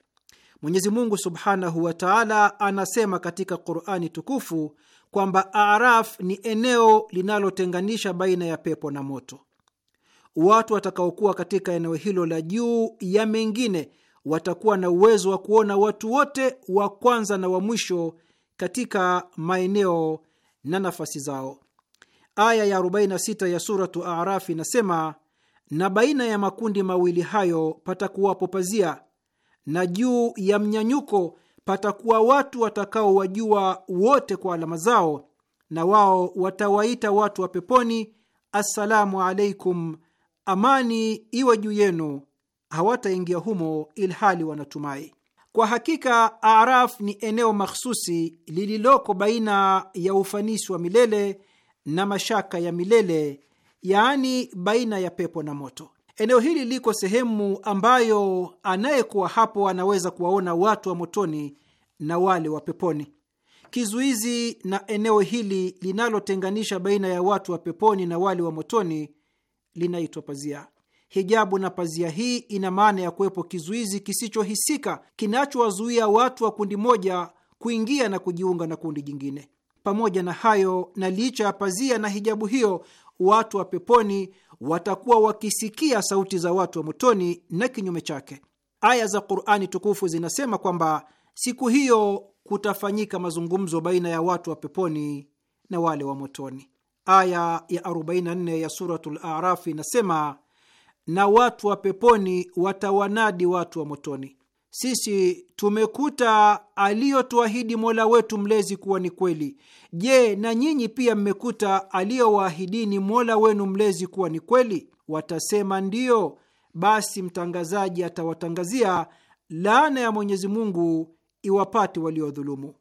Mwenyezi Mungu subhanahu wa taala anasema katika Qurani tukufu kwamba Araf ni eneo linalotenganisha baina ya pepo na moto. Watu watakaokuwa katika eneo hilo la juu ya mengine watakuwa na uwezo wa kuona watu wote wa kwanza na wa mwisho katika maeneo na nafasi zao. Aya ya 46 ya suratu Araf inasema na baina ya makundi mawili hayo patakuwapo pazia, na juu ya mnyanyuko patakuwa watu watakaowajua wote kwa alama zao, na wao watawaita watu wa peponi, assalamu alaikum, amani iwe juu yenu. Hawataingia humo ilhali wanatumai. Kwa hakika Araf ni eneo mahsusi lililoko baina ya ufanisi wa milele na mashaka ya milele yaani baina ya pepo na moto. Eneo hili liko sehemu ambayo anayekuwa hapo anaweza kuwaona watu wa motoni na wale wa peponi. Kizuizi na eneo hili linalotenganisha baina ya watu wa peponi na wale wa motoni linaitwa pazia. Hijabu na pazia hii ina maana ya kuwepo kizuizi kisichohisika kinachowazuia watu wa kundi moja kuingia na kujiunga na kundi jingine. Pamoja na hayo, na licha ya pazia na hijabu hiyo, watu wa peponi watakuwa wakisikia sauti za watu wa motoni na kinyume chake. Aya za Qur'ani tukufu zinasema kwamba siku hiyo kutafanyika mazungumzo baina ya watu wa peponi na wale wa motoni. Aya ya 44 ya Suratul A'raf inasema, na watu wa peponi watawanadi watu wa motoni sisi tumekuta aliyotuahidi Mola wetu mlezi kuwa ni kweli. Je, na nyinyi pia mmekuta aliyowaahidini Mola wenu mlezi kuwa ni kweli? Watasema ndiyo. Basi mtangazaji atawatangazia laana ya Mwenyezi Mungu iwapate waliodhulumu.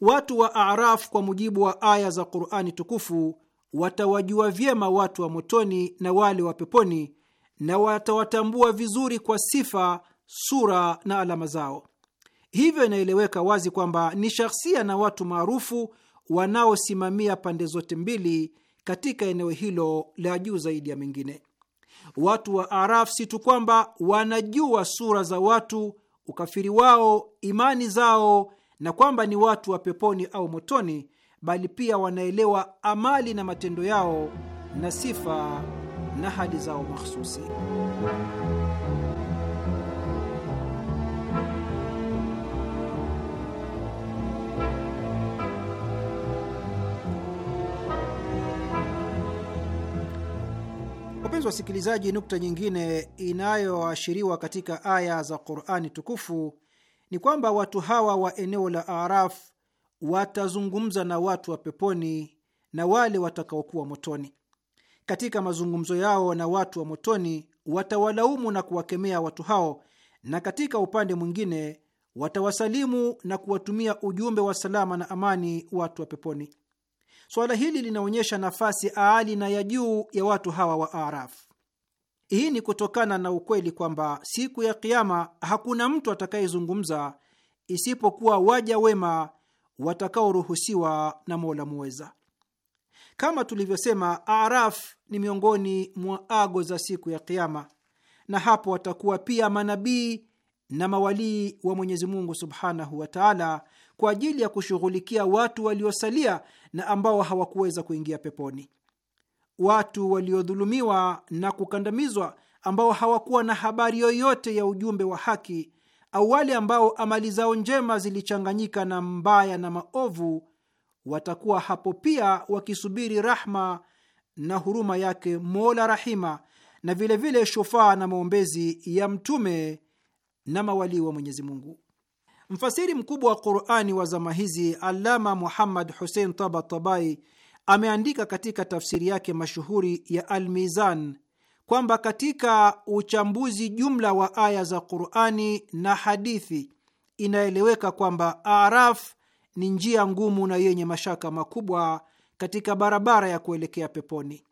Watu wa Araf, kwa mujibu wa aya za Qurani tukufu, watawajua vyema watu wa motoni na wale wa peponi, na watawatambua vizuri kwa sifa sura na alama zao. Hivyo inaeleweka wazi kwamba ni shahsia na watu maarufu wanaosimamia pande zote mbili katika eneo hilo la juu zaidi ya mengine. Watu wa Araf si tu kwamba wanajua sura za watu, ukafiri wao, imani zao, na kwamba ni watu wa peponi au motoni, bali pia wanaelewa amali na matendo yao na sifa na hali zao mahsusi. Wapenzi wasikilizaji, nukta nyingine inayoashiriwa katika aya za Qurani tukufu ni kwamba watu hawa wa eneo la Araf watazungumza na watu wa peponi na wale watakaokuwa motoni. Katika mazungumzo yao na watu wa motoni, watawalaumu na kuwakemea watu hao, na katika upande mwingine watawasalimu na kuwatumia ujumbe wa salama na amani watu wa peponi. Suala hili linaonyesha nafasi aali na ya juu ya watu hawa wa Arafu. Hii ni kutokana na ukweli kwamba siku ya Kiama hakuna mtu atakayezungumza isipokuwa waja wema watakaoruhusiwa na Mola Muweza. Kama tulivyosema, Araf ni miongoni mwa ago za siku ya Kiama, na hapo watakuwa pia manabii na mawalii wa Mwenyezi Mungu subhanahu wa taala kwa ajili ya kushughulikia watu waliosalia na ambao hawakuweza kuingia peponi, watu waliodhulumiwa na kukandamizwa, ambao hawakuwa na habari yoyote ya ujumbe wa haki, au wale ambao amali zao njema zilichanganyika na mbaya na maovu, watakuwa hapo pia wakisubiri rahma na huruma yake Mola Rahima, na vilevile shufaa na maombezi ya mtume na mawalii wa Mwenyezi Mungu. Mfasiri mkubwa wa Qurani wa zama hizi alama Muhammad Husein Tabatabai ameandika katika tafsiri yake mashuhuri ya Almizan kwamba katika uchambuzi jumla wa aya za Qurani na hadithi inaeleweka kwamba araf ni njia ngumu na yenye mashaka makubwa katika barabara ya kuelekea peponi.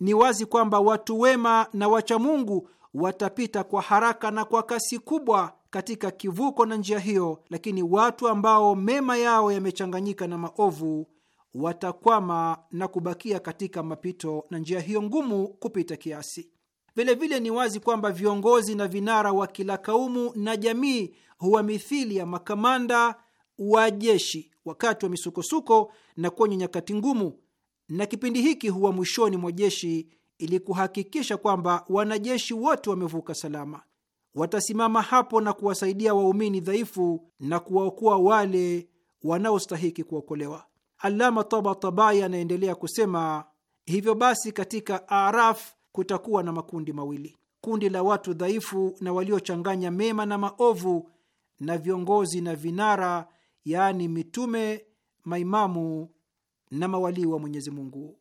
Ni wazi kwamba watu wema na wachamungu watapita kwa haraka na kwa kasi kubwa katika kivuko na njia hiyo, lakini watu ambao mema yao yamechanganyika na maovu watakwama na kubakia katika mapito na njia hiyo ngumu kupita kiasi. Vilevile ni wazi kwamba viongozi na vinara wa kila kaumu na jamii huwa mithili ya makamanda wa jeshi wakati wa misukosuko na kwenye nyakati ngumu, na kipindi hiki huwa mwishoni mwa jeshi ili kuhakikisha kwamba wanajeshi wote wamevuka salama watasimama hapo na kuwasaidia waumini dhaifu na kuwaokoa wale wanaostahiki kuokolewa. Alama Tabatabai anaendelea kusema, hivyo basi katika Araf kutakuwa na makundi mawili, kundi la watu dhaifu na waliochanganya mema na maovu, na viongozi na vinara, yaani mitume, maimamu na mawalii wa Mwenyezi Mungu.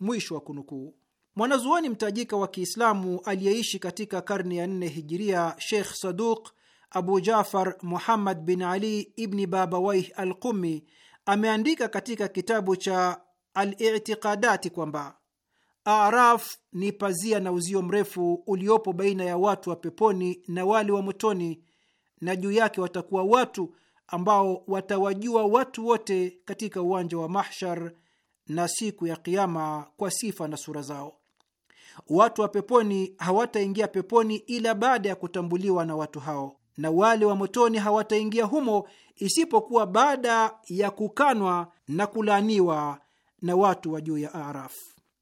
Mwisho wa kunukuu. Mwanazuoni mtajika wa Kiislamu aliyeishi katika karne ya nne hijiria, Sheikh Saduq Abu Jafar Muhammad bin Ali ibni Babawaih al Qumi ameandika katika kitabu cha alitiqadati kwamba araf ni pazia na uzio mrefu uliopo baina ya watu wa peponi na wale wa motoni, na juu yake watakuwa watu ambao watawajua watu wote katika uwanja wa mahshar na siku ya Kiama kwa sifa na sura zao watu wa peponi hawataingia peponi ila baada ya kutambuliwa na watu hao, na wale wa motoni hawataingia humo isipokuwa baada ya kukanwa na kulaaniwa na watu wa juu ya Araf.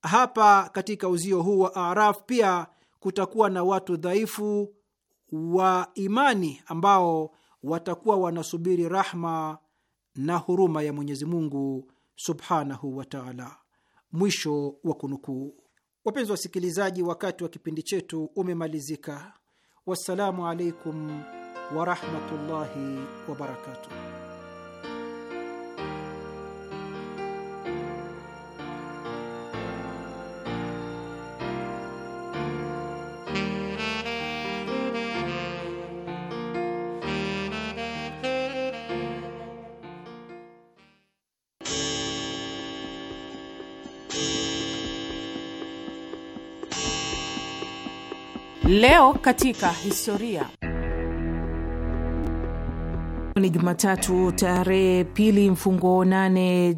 Hapa katika uzio huu wa Araf pia kutakuwa na watu dhaifu wa imani ambao watakuwa wanasubiri rahma na huruma ya Mwenyezi Mungu subhanahu wa taala. Mwisho wa kunukuu. Wapenzi wa wasikilizaji, wakati wa kipindi chetu umemalizika. Wassalamu alaikum warahmatullahi wabarakatuh. Leo katika historia. Ni Jumatatu tarehe pili mfungo nane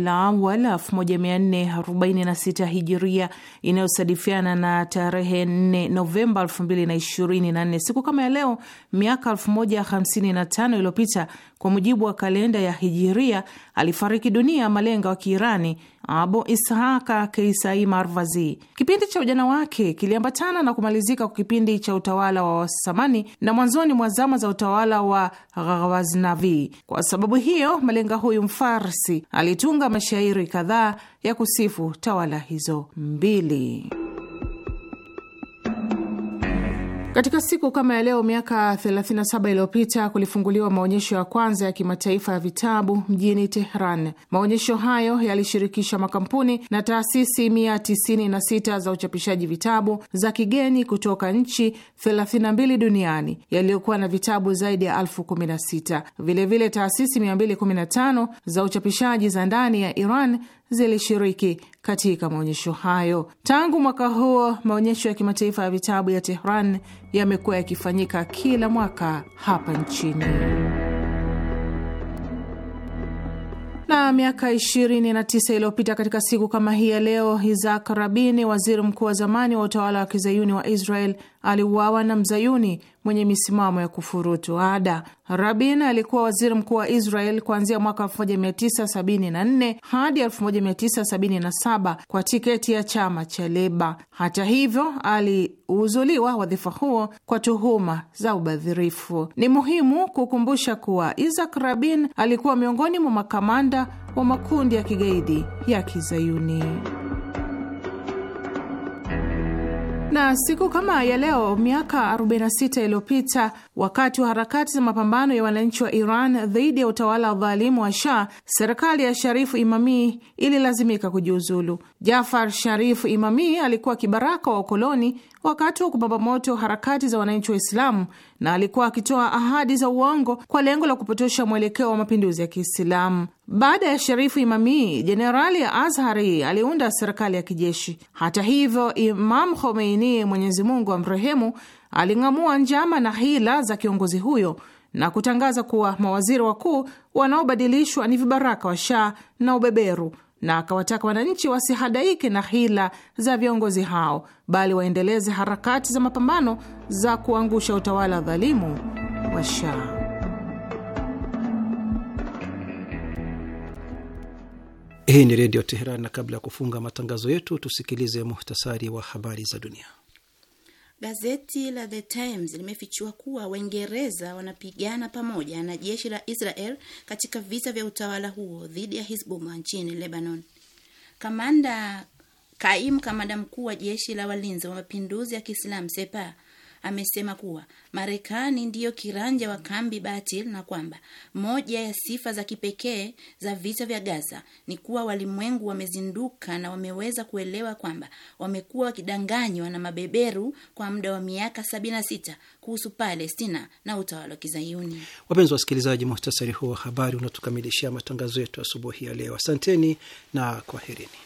la Awal 1446 Hijiria, inayosadifiana na tarehe 4 Novemba 2024. Siku kama ya leo miaka 1055 iliyopita, kwa mujibu wa kalenda ya Hijiria, alifariki dunia malenga wa Kiirani Abu ishaka Keisai Marvazi. Kipindi cha ujana wake kiliambatana na kumalizika kwa kipindi cha utawala wa Wasamani na mwanzoni mwa zama za utawala wa Ghawaznavi. Kwa sababu hiyo, malenga huyu Mfarsi alitunga mashairi kadhaa ya kusifu tawala hizo mbili. Katika siku kama ya leo miaka 37 iliyopita kulifunguliwa maonyesho ya kwanza ya kimataifa ya vitabu mjini Tehran. Maonyesho hayo yalishirikisha makampuni na taasisi 196 za uchapishaji vitabu za kigeni kutoka nchi 32 duniani yaliyokuwa na vitabu zaidi ya elfu 16. Vilevile taasisi 215 za uchapishaji za ndani ya Iran zilishiriki katika maonyesho hayo. Tangu mwaka huo, maonyesho ya kimataifa ya vitabu ya Tehran yamekuwa yakifanyika kila mwaka hapa nchini. Na miaka 29 iliyopita katika siku kama hii ya leo, Isaac Rabini, waziri mkuu wa zamani wa utawala wa kizayuni wa Israel, aliuawa na mzayuni mwenye misimamo ya kufurutu ada. Rabin alikuwa waziri mkuu wa Israel kuanzia mwaka 1974 hadi 1977 kwa tiketi ya chama cha Leba. Hata hivyo, aliuzuliwa wadhifa huo kwa tuhuma za ubadhirifu. Ni muhimu kukumbusha kuwa Isaac Rabin alikuwa miongoni mwa makamanda wa makundi ya kigaidi ya kizayuni. Na siku kama ya leo miaka 46 iliyopita, wakati wa harakati za mapambano ya wananchi wa Iran dhidi ya utawala wa dhalimu wa Shah, serikali ya Sharifu Imami ililazimika kujiuzulu. Jafar Sharifu Imami alikuwa kibaraka wa ukoloni wakati wa kupamba moto harakati za wananchi wa islamu na alikuwa akitoa ahadi za uongo kwa lengo la kupotosha mwelekeo wa mapinduzi ya Kiislamu. Baada ya Sharifu imami jenerali ya Azhari aliunda serikali ya kijeshi. Hata hivyo, Imam Khomeini, Mwenyezi Mungu amrehemu, aling'amua njama na hila za kiongozi huyo na kutangaza kuwa mawaziri wakuu wanaobadilishwa ni vibaraka wa Shah na ubeberu na akawataka wananchi wasihadaike na hila za viongozi hao, bali waendeleze harakati za mapambano za kuangusha utawala dhalimu wa Shah. Hii ni Redio Teheran, na kabla ya kufunga matangazo yetu, tusikilize muhtasari wa habari za dunia. Gazeti la The Times limefichua kuwa Waingereza wanapigana pamoja na jeshi la Israel katika vita vya utawala huo dhidi ya Hizbullah nchini Lebanon. Kamanda kaimu kamanda mkuu wa jeshi la walinzi wa mapinduzi ya Kiislamu Sepa amesema kuwa Marekani ndiyo kiranja wa kambi batil na kwamba moja ya sifa za kipekee za vita vya Gaza ni kuwa walimwengu wamezinduka na wameweza kuelewa kwamba wamekuwa wakidanganywa na mabeberu kwa muda wa miaka 76 kuhusu Palestina na utawala wa Kizayuni. Wapenzi wasikilizaji, muhtasari huu wa habari unatukamilishia matangazo yetu asubuhi ya leo. Asanteni na kwaherini.